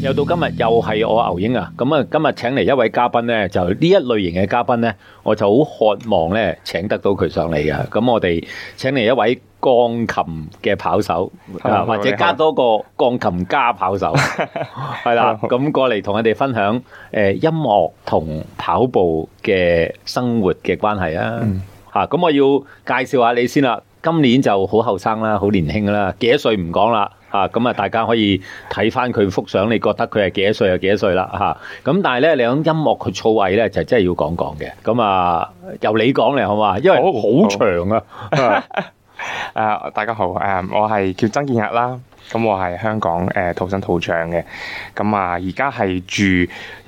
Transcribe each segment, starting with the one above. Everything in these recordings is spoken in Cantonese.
又到今日，又係我牛英啊！咁啊，今日請嚟一位嘉賓咧，就呢一類型嘅嘉賓咧，我就好渴望咧，請得到佢上嚟啊！咁我哋請嚟一位鋼琴嘅跑手啊，或者加多個鋼琴加跑手，係啦，咁過嚟同我哋分享誒，音樂同跑步嘅生活嘅關係啊！吓，咁我要介紹下你先啦，今年就好後生啦，好年輕啦，幾多歲唔講啦。啊，咁啊，大家可以睇翻佢幅相，你覺得佢係幾多歲就幾多歲啦，吓、啊。咁但係咧，你講音樂佢造詣咧，就真係要講講嘅。咁啊，由你講嚟好嘛？因為好長啊。誒、 啊，大家好，誒、啊，我係叫曾憲逸啦。咁、嗯、我係香港誒、呃、土生土長嘅，咁、嗯、啊而家係住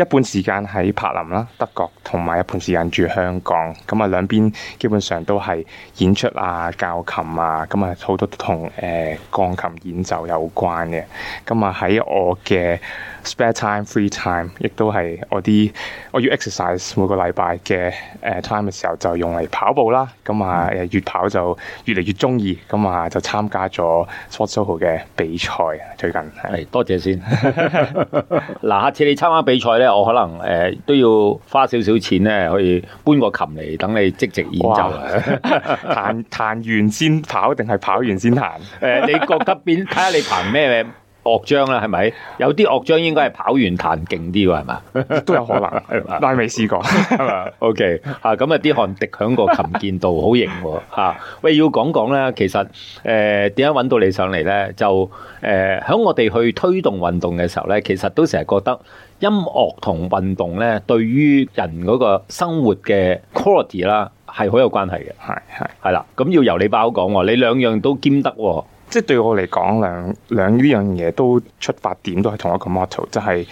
一半時間喺柏林啦，德國同埋一半時間住香港，咁、嗯、啊兩邊基本上都係演出啊、教琴啊，咁啊好多同誒、呃、鋼琴演奏有關嘅。咁、嗯、啊喺我嘅 spare time、free time，亦都係我啲我要 exercise 每個禮拜嘅誒 time 嘅時候，就用嚟跑步啦。咁啊誒越跑就越嚟越中意，咁、嗯嗯、啊就參加咗 Sportsoho 嘅比賽啊，最近係多謝先。嗱，下次你參加比賽咧，我可能誒、呃、都要花少少錢咧，可以搬個琴嚟等你即席演奏。彈彈哇 完先跑定係跑完先彈？誒、呃，你覺得邊，睇下你彈咩？ 樂章啦，係咪？有啲樂章應該係跑完彈勁啲喎，係嘛？都有可能，係 但係未試過，係嘛？OK，吓咁啊！啲、嗯、汗滴響個琴鍵度，好型喎！哦！吓、啊、喂，要講講咧，其實誒，點樣搵到你上嚟咧？就誒、響、呃、我哋去推動運動嘅時候咧，其實都成日覺得音樂同運動咧，對於人嗰個生活嘅 quality 啦，係好有關係嘅。係係係啦，咁、嗯、要由你包講，你兩樣都兼得。哦。即係對我嚟講，兩兩呢樣嘢都出發點都係同一個 motto，就係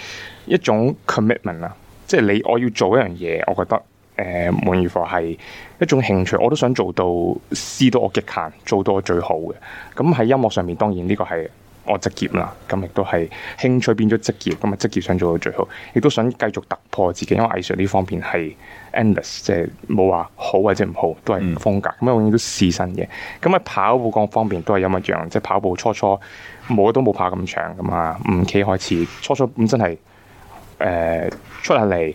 一種 commitment 啦。即係你我要做一樣嘢，我覺得誒、呃、滿意火係一種興趣，我都想做到試到我極限，做到我最好嘅。咁喺音樂上面，當然呢個係我職業啦，咁亦都係興趣變咗職業，咁啊職業想做到最好，亦都想繼續突破自己，因為藝術呢方面係 endless，即係冇話好或者唔好，都係風格，咁永遠都試新嘅。咁啊跑步嗰方面都係有乜樣，即係跑步初初冇都冇跑咁長噶嘛，五 K 開始，初初咁真係誒、呃、出下嚟，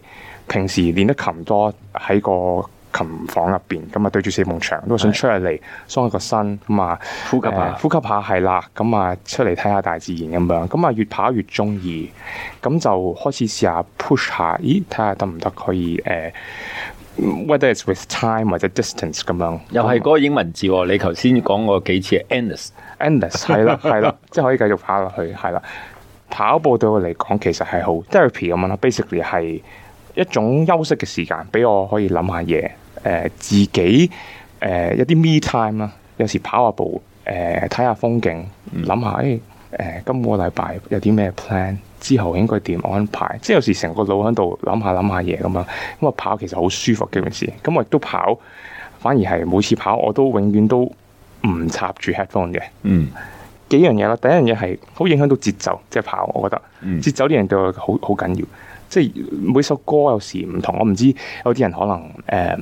平時練得琴多喺個，琴房入邊，咁啊對住四面牆，都想出嚟，鬆的下個身咁啊，呼吸下，呼吸下係啦，咁啊出嚟睇下大自然咁樣，咁啊越跑越中意，咁就開始試下 push 下，咦睇下得唔得可以誒、呃、whether it's with time 或者 distance 咁樣，又係嗰個英文字、哦， 你頭先講過幾次 endless，endless 係啦係啦，less, 即係可以繼續跑落去，係啦，跑步對我嚟講其實係好 therapy 咁樣啦，basically 係一種休息嘅時間，俾我可以諗下嘢。誒、呃、自己誒、呃、有啲 me time 啦、呃，有時跑下步，誒睇下風景，諗下誒誒、欸呃、今個禮拜有啲咩 plan，之後應該點安排？即係有時成個腦喺度諗下諗下嘢咁樣。咁我跑其實好舒服嘅一件事，咁我亦都跑，反而係每次跑我都永遠都唔插住 headphone 嘅。嗯，幾樣嘢啦，第一樣嘢係好影響到節奏，即係跑，我覺得節奏啲人對我好好緊要。即係每首歌有時唔同，我唔知有啲人可能誒、uh,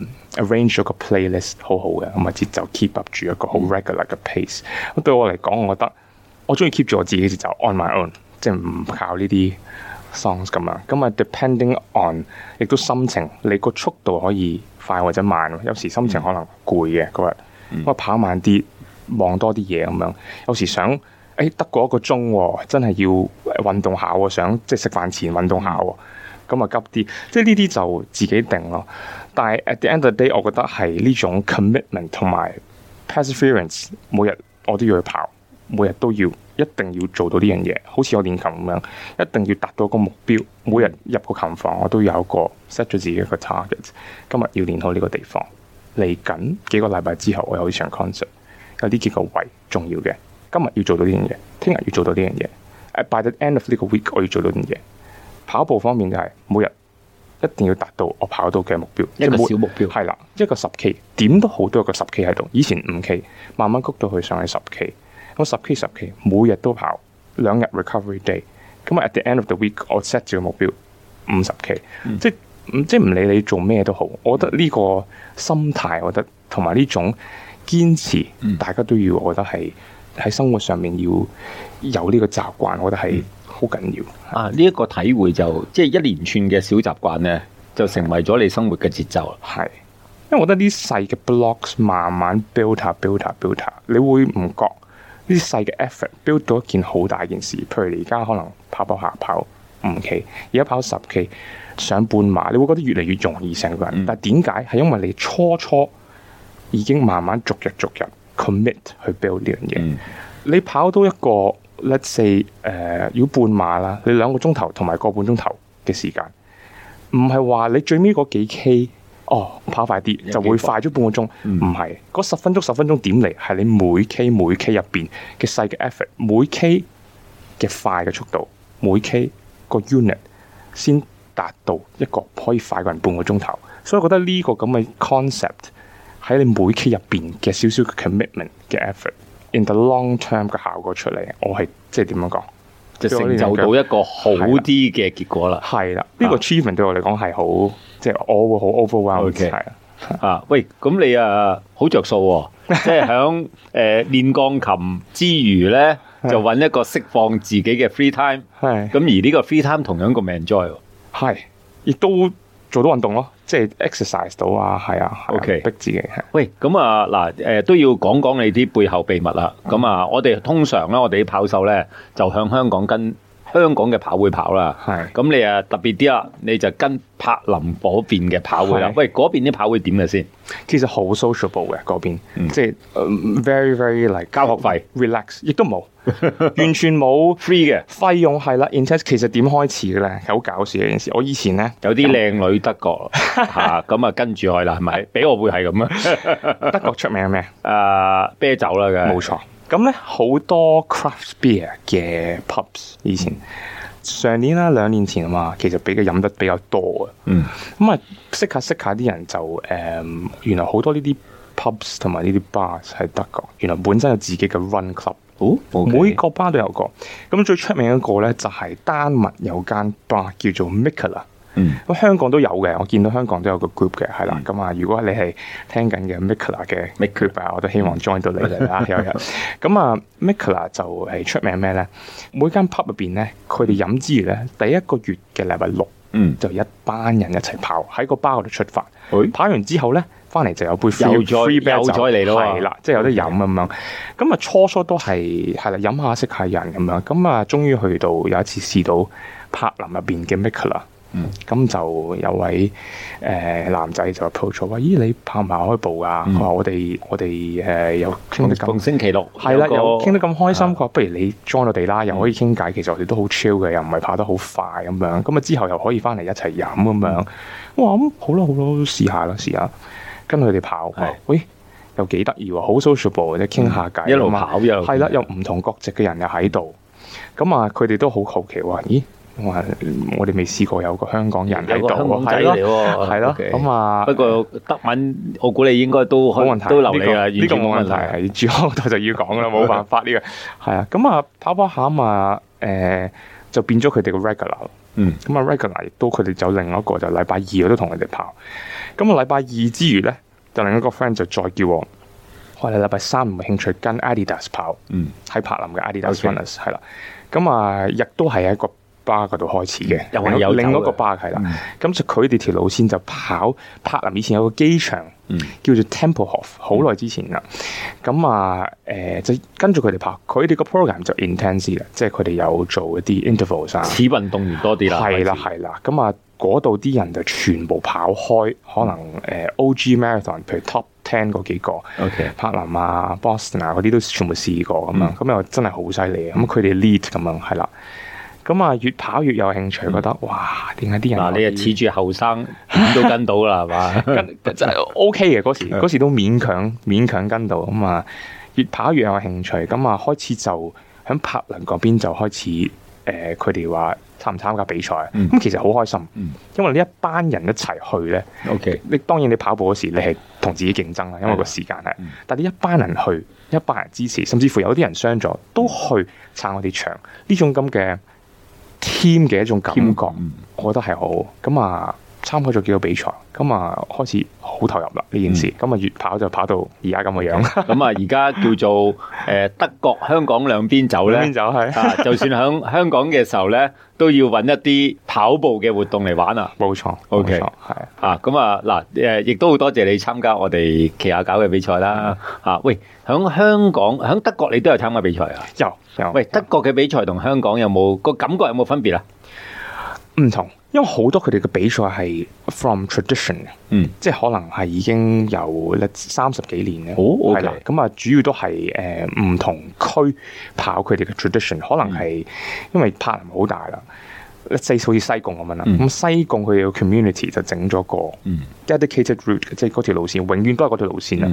arrange 咗個 playlist 好好嘅，咁啊節奏 keep up 住一個好 regular 嘅 pace。咁、嗯、對我嚟講，我覺得我中意 keep 住我自己嘅節奏 on my own，即係唔靠呢啲 songs 咁樣。咁啊，depending on 亦都心情，你個速度可以快或者慢。有時心情可能攰嘅嗰日，我跑慢啲，望多啲嘢咁樣。有時想誒、欸、得過一個鐘，真係要運動下喎，想即係食飯前運動下喎。嗯嗯。咁啊急啲，即係呢啲就自己定咯。但係 at the end of day，我覺得係呢種 commitment 同埋 perseverance 每日我都要去跑，每日都要一定要做到呢樣嘢。好似我練琴咁樣，一定要達到一個目標。每日入個琴房，我都有個 set 咗自己一個 target。今日要練好呢個地方，嚟緊幾個禮拜之後我有一場 concert。有啲幾個位重要嘅，今日要做到呢樣嘢，聽日要做到呢樣嘢。At by the end of 呢個 week，我要做到呢樣嘢。跑步方面就係、是、每日一定要達到我跑到嘅目標，一個小目標係啦，一個十 K 點都好都有個十 K 喺度。以前五 K，慢慢谷到去上去十 K。咁十 K 十 K 每日都跑，兩日 recovery day。咁啊 at the end of the week，我 set 住個目標五十 K，、嗯、即即係唔理你做咩都好，我覺得呢個心態，我覺得同埋呢種堅持，大家都要，我覺得係喺生活上面要有呢個習慣，我覺得係、嗯。好緊要啊！呢、這、一個體會就即係一連串嘅小習慣呢，就成為咗你生活嘅節奏。係，因為我覺得啲細嘅 blocks 慢慢 build up，build up，build up，你會唔覺呢啲細嘅 effort build 到一件好大件事。譬如你而家可能跑跑下跑，跑五 K，而家跑十 K，上半馬，你會覺得越嚟越容易成個人。嗯、但係點解係因為你初初已經慢慢逐日逐日 commit 去 build 呢樣嘢。你跑到一個 let's say，誒、呃、要半馬啦，你兩個鐘頭同埋個半鐘頭嘅時間，唔係話你最尾嗰幾 K，哦跑快啲就會快咗半個鐘，唔係嗰十分鐘、十分鐘點嚟，係你每 K 每 K 入邊嘅細嘅 effort，每 K 嘅快嘅速度，每 K 個 unit 先達到一個可以快過人半個鐘頭，所以我覺得呢個咁嘅 concept 喺你每 K 入邊嘅少少 commitment 嘅 effort。In the long term 嘅效果出嚟，我係即係點樣講，就成就到一個好啲嘅結果啦。係啦的，呢、啊、個 treatment 對我嚟講係好，即係我會好 overwhelmed okay. 的。係啊，啊喂，咁你啊好着數、哦，即係響誒練鋼琴之餘咧，就揾一個釋放自己嘅 free time 的。係咁而呢個 free time 同樣個 enjoy，係亦都做到運動咯。即係 exercise 到啊，係啊，啊，OK，逼自己。喂，咁啊，嗱，誒，都要講講你啲背後秘密啦。咁、嗯、啊，我哋通常咧、啊，我哋啲跑手咧，就向香港跟。香港嘅跑會跑啦，係咁你啊特別啲啦，你就跟柏林嗰邊嘅跑會啦。喂，嗰邊啲跑會點嘅先？其實好 sociable 嘅嗰邊，即係 very very 嚟交學費，relax，亦都冇，完全冇 free 嘅費用係啦。inter 其實點開始嘅咧，好搞笑嘅件事。我以前咧有啲靚女德國吓，咁啊跟住去啦，係咪？俾我會係咁樣？德國出名係咩？誒，啤酒啦嘅，冇錯。咁咧好多 craft beer 嘅 pubs，以前、嗯、上年啦兩年前啊嘛，其實比佢飲得比較多啊。嗯，咁啊識下識下啲人就誒、呃，原來好多呢啲 pubs 同埋呢啲 bar 喺德國，原來本身有自己嘅 run club。哦，okay. 每個 bar 都有個。咁最出名一個咧就係、是、丹麥有間 bar 叫做 Mikala。嗯，香港都有嘅，我見到香港都有個 group 嘅，係啦。咁、嗯、啊，嗯、如果你係聽緊嘅 Mikkeller 嘅 group 啊，我都希望 join 到你哋啦，有人、 嗯。咁啊 Mikkeller 就係出名咩咧？每間 pub 入邊咧，佢哋飲之餘咧，第一個月嘅禮拜六，嗯、就一班人一齊跑喺個包度出發。嗯、跑完之後咧，翻嚟就有杯 free free beer 啦，即係有得飲咁樣。咁啊，初初都係係啦，飲下識下人咁樣。咁啊，終於去到有一次試到柏林入邊嘅 Mikkeller 嗯，咁就有位誒男仔就 approach 話：咦，你跑唔跑開步啊？佢話：我哋我哋誒有傾得咁星期六，係啦，又傾得咁開心。佢話：不如你 join 我哋啦，又可以傾偈。其實我哋都好 chill 嘅，又唔係跑得好快咁樣。咁啊之後又可以翻嚟一齊飲咁樣。我話：咁好啦好啦，試下啦試下，跟佢哋跑。喂，又幾得意喎！好 sociable 即係傾下偈一路跑又係啦，又唔同國籍嘅人又喺度。咁啊，佢哋都好好奇話：咦？我我哋未試過有個香港人喺度喎，係咯，係咯。咁啊，不過德文我估你應該都冇問題都留你啦，呢個冇問題。住喺嗰度就要講啦，冇辦法呢個係啊。咁啊，跑跑下嘛，誒就變咗佢哋個 regular。咁啊 regular 亦都佢哋走另外一個就禮拜二我都同佢哋跑。咁啊禮拜二之餘咧，就另一個 friend 就再叫我，話你禮拜三唔係興趣跟 Adidas 跑？喺柏林嘅 Adidas Runners 係啦。咁啊亦都係一個。巴嗰度開始嘅，有，有另一個巴係啦。咁就佢哋條路線就跑柏林，以前有個機場，嗯、叫做 Tempelhof，好耐之前啦。咁啊、嗯，誒、呃、就跟住佢哋跑，佢哋個 program 就 intensive 啦，即係佢哋有做一啲 intervals 啊，似運動員多啲啦。係啦，係啦。咁啊，嗰度啲人就全部跑開，可能誒、嗯呃、O.G. marathon，譬如 top ten 嗰幾個，Okay. 柏林啊、Boston 啊嗰啲都全部試過咁樣。咁又、嗯嗯、真係好犀利啊！咁佢哋 lead 咁樣係啦。咁啊，越跑越有興趣，覺得、嗯、哇，點解啲人嗱，你啊恃住後生，都跟到啦，係嘛 吧？真係 O K 嘅，嗰時、嗯、時都勉強勉強跟到啊、嗯、越跑越有興趣，咁、嗯、啊開始就響柏林嗰邊就開始誒，佢哋話參唔參加比賽，咁、嗯、其實好開心，因為呢一班人一齊去咧。O K，你當然你跑步嗰時你係同自己競爭啦，因為個時間係，嗯、但係你一班人去，一班人支持，甚至乎有啲人傷咗都去撐我哋場，呢種咁嘅。這添嘅一種感覺，Team. 我覺得係好咁啊。參加咗幾個比賽，咁啊開始好投入啦呢件事，咁啊越跑就跑到而家咁嘅樣，咁啊而家叫做誒德國香港兩邊走咧，兩邊走係，就算響香港嘅時候咧，都要揾一啲跑步嘅活動嚟玩啊，冇錯，OK 係啊，咁啊嗱誒，亦都好多謝你參加我哋旗下搞嘅比賽啦，吓喂，響香港響德國你都有參加比賽啊，有有，喂德國嘅比賽同香港有冇個感覺有冇分別啊？唔同。因為好多佢哋嘅比賽係 from tradition 嗯，即係可能係已經有三十幾年嘅，好，OK 咁啊，okay。主要都係誒唔同區跑佢哋嘅 tradition，可能係、嗯、因為柏林好大啦，類似好似西貢咁樣啦。咁、嗯、西貢佢哋嘅 community 就整咗個 dedicated route，嗯、即係嗰條路線，永遠都係嗰條路線啦。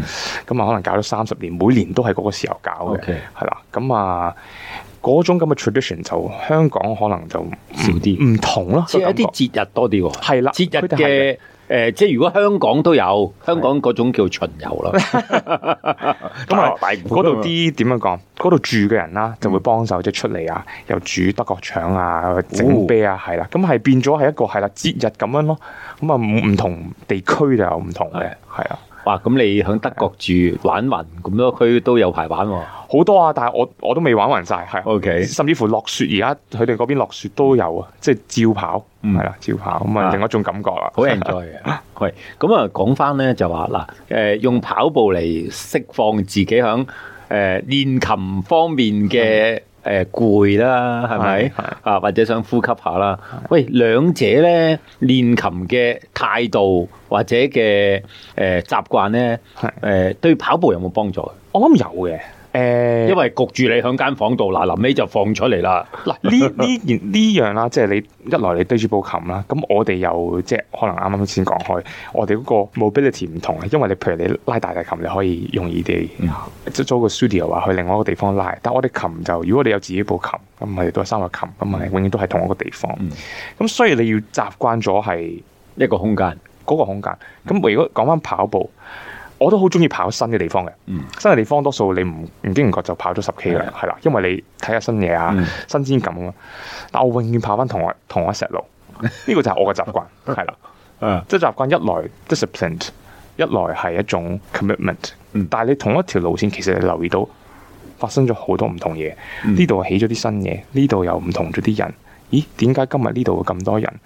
咁啊、嗯，嗯、可能搞咗三十年，每年都係嗰個時候搞嘅，係 okay，啦，咁、嗯、啊。嗯嗯嗰種咁嘅 tradition 就香港可能就少啲，唔同咯，即係一啲節日多啲喎。係啦，節日嘅誒、呃，即係如果香港都有，香港嗰種叫巡遊咯。咁啊，嗰度啲點樣講？嗰度住嘅人啦，就會幫手、嗯、即係出嚟啊，又煮德國腸啊，整杯啊，係啦、哦，咁係變咗係一個係啦節日咁樣咯。咁啊唔同地區就有唔同嘅，係啊。哇！咁你喺德國住的玩勻咁多區都有排玩喎。好多啊！但係我我都未玩勻晒，係。O K。甚至乎落雪，而家佢哋嗰邊落雪都有啊，即係照跑，嗯，係啦，照跑。咁啊，另一種感覺啦。好 enjoy 嘅。係，咁啊，講翻咧就話、是、嗱，誒、呃、用跑步嚟釋放自己喺誒、呃、練琴方面嘅。誒，攰啦，呃，係咪？吓、啊、或者想呼吸下啦。的喂，兩者咧練琴嘅態度或者嘅誒、呃、習慣咧，誒的、呃、對跑步有冇幫助？我諗有嘅。誒，因為焗住你響間房度，嗱，臨尾就放出嚟啦。嗱， 呢呢件呢樣啦，即係你一來你對住部琴啦，咁我哋又即係可能啱啱先講開，我哋嗰個 mobility 唔同啊，因為你譬如你拉大提琴，你可以容易啲，即係租個 studio 話去另外一個地方拉，但我哋琴就如果你有自己部琴，咁我哋都係三個琴，咁咪永遠都係同一個地方。咁，嗯，所以你要習慣咗係一個空間，嗰個空間。咁如果講翻跑步。我都好中意跑新嘅地方嘅，嗯、新嘅地方多數你唔唔經唔覺就跑咗十 k 啦，係啦 Okay.，因為你睇下新嘢啊，mm. 新鮮感啊。但我永遠跑翻同我同我一石路，呢 個就係我嘅習慣，係啦，uh. 即係習慣一來 discipline，一來係一種 commitment。Mm. 但係你同一條路線，其實你留意到發生咗好多唔同嘢，呢度、mm. 起咗啲新嘢，呢度又唔同咗啲人，咦？點解今日呢度咁多人？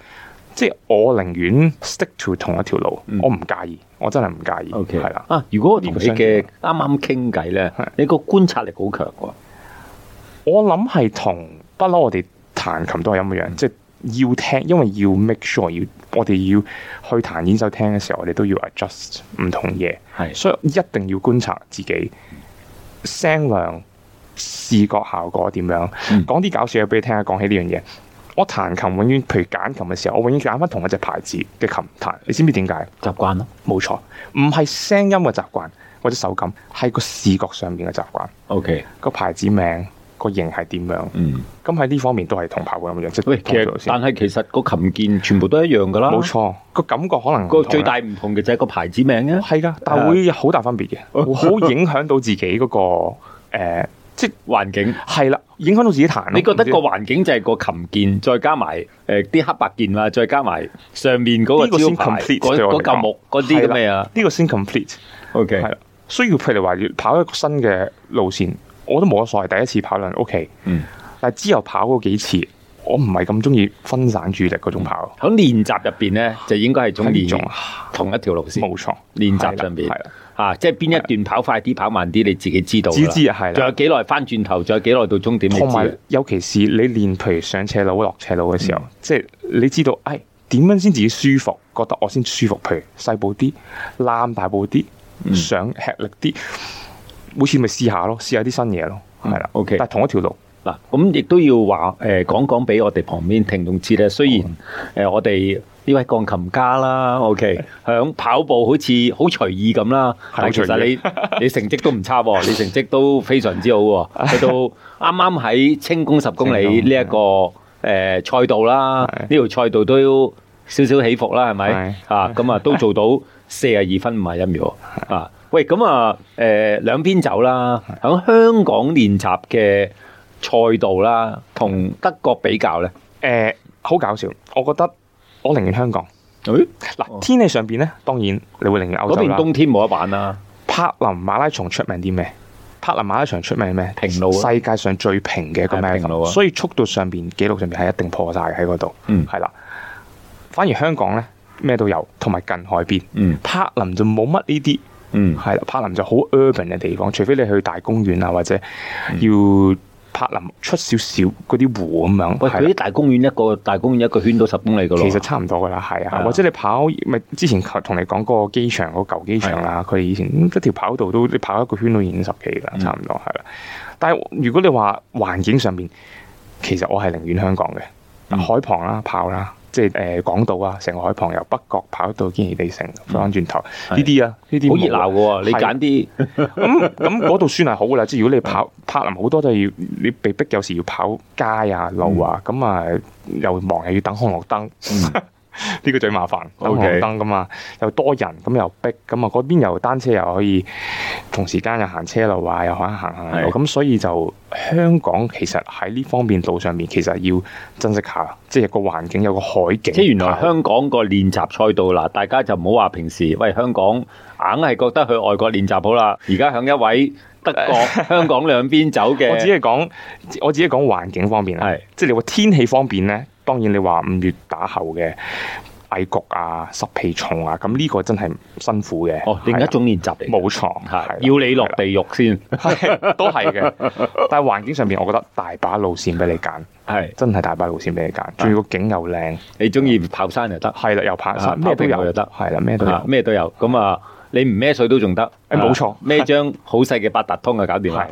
即係我寧願 stick to 同一條路，嗯、我唔介意，我真係唔介意。O K，係啦。啊，如果我同聲果你嘅啱啱傾偈咧，是你個觀察力好強嘅、哦。我諗係同不嬲，我哋彈琴都係咁樣，嗯、即係要聽，因為要 make sure，要我哋要去彈演奏廳嘅時候，我哋都要 adjust 唔同嘢。係是，所以一定要觀察自己聲量、視覺效果點樣。嗯、講啲搞笑嘢俾你聽下，講起呢樣嘢。我彈琴永遠，譬如揀琴嘅時候，我永遠揀翻同一隻牌子嘅琴彈。你知唔知點解？習慣咯，冇錯，唔係聲音嘅習慣或者手感，係個視覺上面嘅習慣。OK，個牌子名個型係點樣？嗯，咁喺呢方面都係同牌會咁樣即係。喂，其實但係其實個琴鍵全部都一樣噶啦。冇錯，個感覺可能最大唔同嘅就係個牌子名嘅。係噶，但係會好大分別嘅，好、嗯、影響到自己嗰、嗰個誒。呃即係環境係啦，影響到自己彈。你覺得個環境就係個琴鍵，再加埋誒啲黑白鍵啦，再加埋上面嗰個招牌，嗰嗰嚿木嗰啲咁嘅嘢，呢個先 complete。OK，係啦，所以譬如話要跑一個新嘅路線，我都冇得所謂。第一次跑輪，OK，但係之後跑嗰幾次，我唔係咁中意分散注意力嗰種跑。喺練習入邊咧，就應該係中意用同一條路線，冇錯。練習上邊係啦。啊！即係邊一段跑快啲，的跑慢啲，你自己知道。只知啊，係。仲有幾耐翻轉頭，仲有幾耐到終點。同埋有，尤其是你練，譬如上斜路、落斜路嘅時候，嗯、即係你知道，哎，點樣先自己舒服？覺得我先舒服？譬如細步啲，攬大步啲，想吃力啲，嗯、每次咪試下咯，試下啲新嘢咯，係啦。嗯、o、okay、K，但係同一條路嗱，咁亦、啊、都要話誒，講講俾我哋旁邊聽眾知咧。雖然誒，我哋、嗯。嗯呢位鋼琴家啦，OK，響跑步好似好隨意咁啦。但其實你你成績都唔差喎， 你成績都非常之好喎。去到啱啱喺青宮十公里呢、這、一個誒冬、呃、賽道啦，呢是條賽道都要少少起伏啦，係咪是啊？咁啊都做到四十二分五十一秒是啊！喂，咁啊誒、呃、兩邊走啦，響是香港練習嘅賽道啦，同德國比較咧，誒、呃、好搞笑，我覺得。我寧願香港。嗱唉，天氣上邊咧，當然你會寧願歐洲啦。嗰邊冬天冇得玩啦。柏林馬拉松出名啲咩？柏林馬拉松出名咩？平路。世界上最平嘅一個咩？所以速度上邊、記錄上邊係一定破晒嘅喺嗰度。嗯，係啦。反而香港咧，咩都有，同埋近海邊。嗯，柏林就冇乜呢啲。嗯，係啦，柏林就好 urban 嘅地方，除非你去大公園啊，或者要、嗯。柏林出少少嗰啲湖咁樣，喂，嗰啲大公園一個大公園一個圈都十公里噶咯，其實差唔多噶啦，係啊，啊或者你跑咪之前同你講嗰個機場嗰、嗰個、舊機場啦，佢、啊、以前一條跑道都你跑一個圈都已經十幾噶啦，嗯、差唔多係啦、啊。但係如果你話環境上面，其實我係寧願香港嘅、嗯、海旁啦、啊，跑啦、啊。即係誒港島啊，成個海傍由北角跑到堅尼地城，翻轉頭呢啲啊，呢啲好熱鬧嘅喎、啊。是你揀啲咁咁嗰度算係好嘅啦。即係如果你跑柏、嗯、林好多都係要，你被逼有時要跑街啊路啊，咁、嗯、啊又忙又要等紅綠燈。嗯 呢個最麻煩，等紅燈噶嘛，又多人，咁又逼，咁啊嗰邊又單車又可以同時間又行車路啊，又可以行路。咁是所以就香港其實喺呢方面路上面其實要珍惜下，即係個環境有個海景。即係原來香港個練習賽道嗱，大家就唔好話平時喂香港硬係覺得去外國練習好啦，而家響一位德國 香港兩邊走嘅，我只係講，我只係講環境方面係即係你話天氣方面咧。當然你話五月打後嘅翳焗啊、濕氣重啊，咁呢個真係辛苦嘅。哦，另一種練習。冇錯，要你落地獄先，都係嘅。但係環境上面，我覺得大把路線俾你揀，係真係大把路線俾你揀。仲要個景又靚，你中意跑山又得，係啦，又爬山，咩都有又得，係啦，咩都有，咩都有。咁啊，你唔孭水都仲得，冇錯，孭張好細嘅八達通就搞掂啦。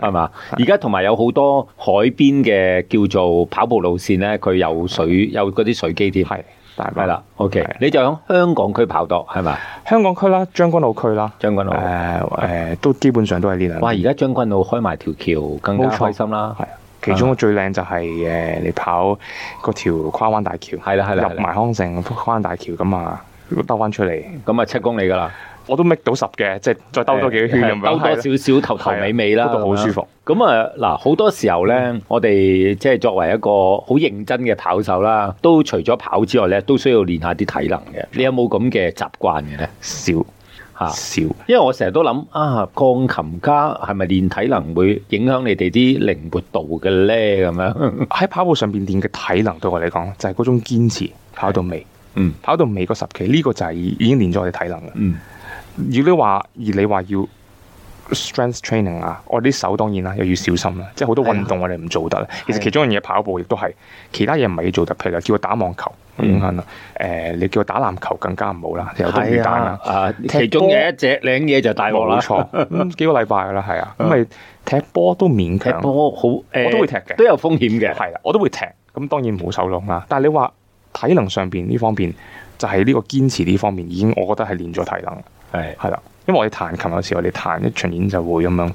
係嘛？而家同埋有好多海邊嘅叫做跑步路線咧，佢有水有嗰啲水機添。係，係啦。OK，你就響香港區跑多，係咪？香港區啦，將軍澳區啦，將軍澳。誒誒、啊呃，都基本上都係呢兩。哇！而家將軍澳開埋條橋，更加開心啦。係啊、嗯，其中最靚就係、是、誒，嗯 uh, 你跑嗰條跨灣大橋。係啦係啦，入埋康城跨灣大橋噶嘛，兜翻出嚟，咁啊、嗯、七公里噶啦。我都搣到十嘅，即係再兜多幾個圈，咁兜的多少少的頭頭尾尾啦，吧都好舒服。咁啊，嗱，好多時候咧，嗯、我哋即係作為一個好認真嘅跑手啦，都除咗跑之外咧，都需要練下啲體能嘅。你有冇咁嘅習慣嘅咧？少，吓少、啊，因為我成日都諗啊，鋼琴家係咪練體能會影響你哋啲靈活度嘅咧？咁樣喺跑步上邊練嘅體能，對我嚟講就係嗰種堅持，跑到尾，嗯，跑到尾嗰、嗯、十期呢、這個就係已經練咗我哋體能嘅，嗯。如果你話而你話要 strength training 啊，我啲手當然啦，又要小心啦，即係好多運動我哋唔做得啦。哎、呀其實其中一樣嘢跑步亦都係，其他嘢唔係要做得，譬如叫佢打網球，影響啦。誒、嗯呃，你叫佢打籃球更加唔好啦，有啲負擔啦。啊，球其中有一隻靚嘢就大鑊啦，錯、 嗯，幾個禮拜噶啦，係啊，咁咪、嗯、踢波都勉強，好、欸、我都會踢嘅，都有風險嘅，係啦，我都會踢，咁當然唔好手攏啦。但係你話體能上邊呢方面，就係、是、呢個堅持呢方面已經，我覺得係練咗體能。係係啦，因為我哋彈琴有時候我哋彈一場演奏會咁樣，誒、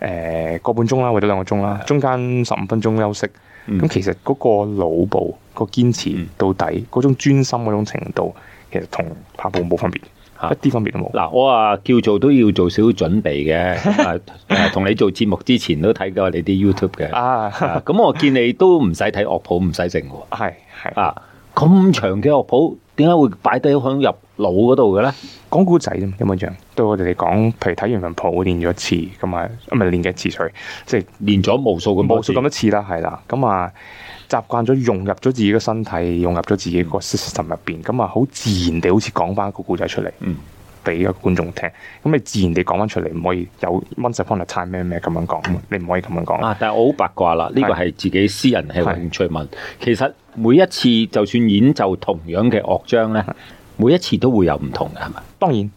呃、個半鐘啦，或者兩個鐘啦，中間十五分鐘休息，咁、嗯、其實嗰個腦部、嗰個堅持到底，嗰、嗯、種專心嗰種程度，其實同跑步冇分別，啊、一啲分別都冇、啊。嗱我啊叫做都要做少少準備嘅，同、 啊、你做節目之前都睇過你啲 YouTube 嘅，啊咁、啊 啊、我見你都唔使睇樂譜，唔使成嘅，係係啊咁長嘅樂譜，點解會擺低響入？腦嗰度嘅咧，講古仔啫嘛，咁樣樣。對我哋嚟講，譬如睇完份譜，練咗一次，咁啊，唔係練幾次水，即係練咗無數個無數咁多次啦，係啦。咁啊，習慣咗融入咗自己嘅身體，融入咗自己個 system 入邊，咁啊，好自然地好似講翻一個古仔出嚟，俾個、嗯、觀眾聽。咁你自然地講翻出嚟，唔可以有 Once Upon A Time 咩咩咁樣講，你唔可以咁樣講。啊，但係我好八卦啦，呢是個係自己私人係興趣問。是是其實每一次，就算演奏同樣嘅樂章咧。是每一次都會有唔同嘅，係咪？當然，呢、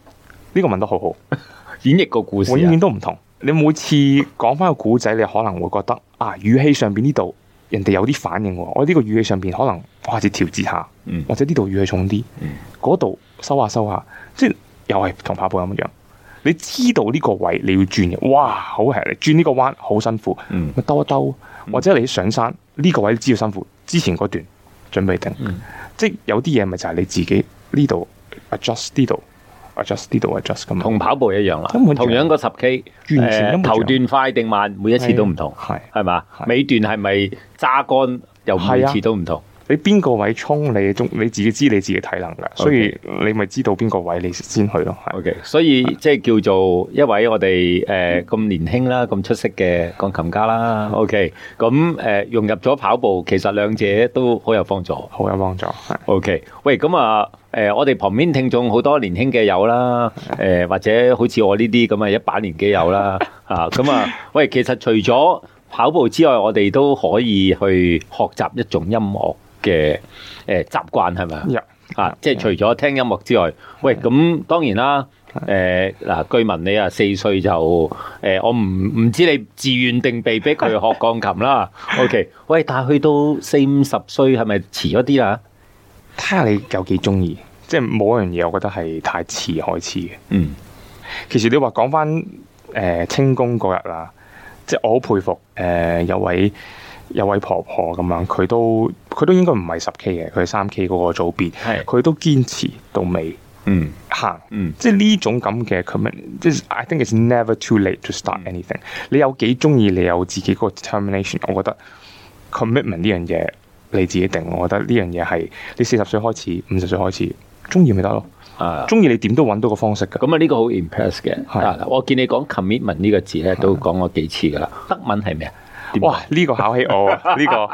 呢個問得好好， 演繹個故事永、啊、遠都唔同。你每次講翻個古仔，你可能會覺得啊，語氣上邊呢度人哋有啲反應喎，我呢個語氣上邊可能開始要調節下，或者呢度語氣重啲，嗰度、嗯、收下收下，即係又係同跑步咁樣。你知道呢個位你要轉嘅，哇，好係你轉呢個彎好辛苦，咪、嗯、兜一兜，或者你上山呢、呢個位知道辛苦，之前嗰段準備定，嗯、即係有啲嘢咪就係你自己。呢度 adjust 呢度 adjust 呢度 adjust 咁，同跑步一樣啦，樣同樣個十 k，誒，頭段快定慢，每一次都唔同，係係嘛，吧的尾段係咪揸乾？又每次都唔同。的你邊個位衝？你中你自己知你自己體能㗎，okay, 所以你咪知道邊個位你先去咯。O Okay , K，是所以即係叫做一位我哋誒咁年輕啦，咁出色嘅鋼琴家啦。O K，咁誒融入咗跑步，其實兩者都有幫好有幫助，好有幫助。O、okay, K，喂，咁啊，誒、呃，我哋旁邊聽眾好多年輕嘅友啦，誒、 呃，或者好似我呢啲咁嘅一把年紀友啦，啊，咁啊，喂，其實除咗跑步之外，我哋都可以去學習一種音樂。嘅誒、欸、習慣係咪啊？Yeah, yeah, 啊！即係除咗聽音樂之外，yeah, yeah. 喂咁當然啦。誒、呃、嗱，據聞你啊四歲就誒、呃，我唔唔知你自願定被逼去學鋼琴啦。 OK，喂，但係去到四五十歲係咪遲咗啲啊？睇下你有幾中意，即係冇一樣嘢，我覺得係太遲開始嘅。嗯，其實你話講翻誒青工嗰日啊，即係我好佩服誒、呃、有位。有位婆婆咁樣，佢都佢都應該唔係十 K 嘅，佢係三 K 嗰個組別，佢是都堅持到尾，嗯，行走，嗯、即係呢種咁嘅 commit，即係 I think it's never too late to start anything、嗯。你有幾中意，你有自己嗰個 determination，我覺得 commitment 呢樣嘢你自己定，我覺得呢樣嘢係你四十歲開始，五十歲開始中意咪得咯，中意、啊、你點都揾到個方式噶。咁是啊呢個好 impress 嘅，我見你講 commitment 呢個字咧都講過幾次噶啦，德文係咩啊？哇！呢個考起我啊，呢個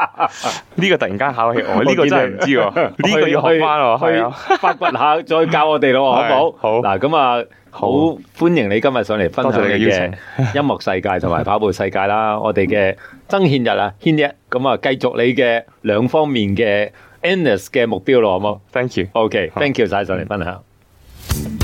呢個突然間考起我，呢個真係唔知喎，呢個要學翻喎，可以發掘下再教我哋咯，好唔好？好嗱，咁啊，好歡迎你今日上嚟分享嘅音樂世界同埋跑步世界啦，我哋嘅曾憲逸啊，憲逸，咁啊，繼續你嘅兩方面嘅 endless 嘅目標咯，好唔好？Thank you，OK，thank you 晒上嚟分享。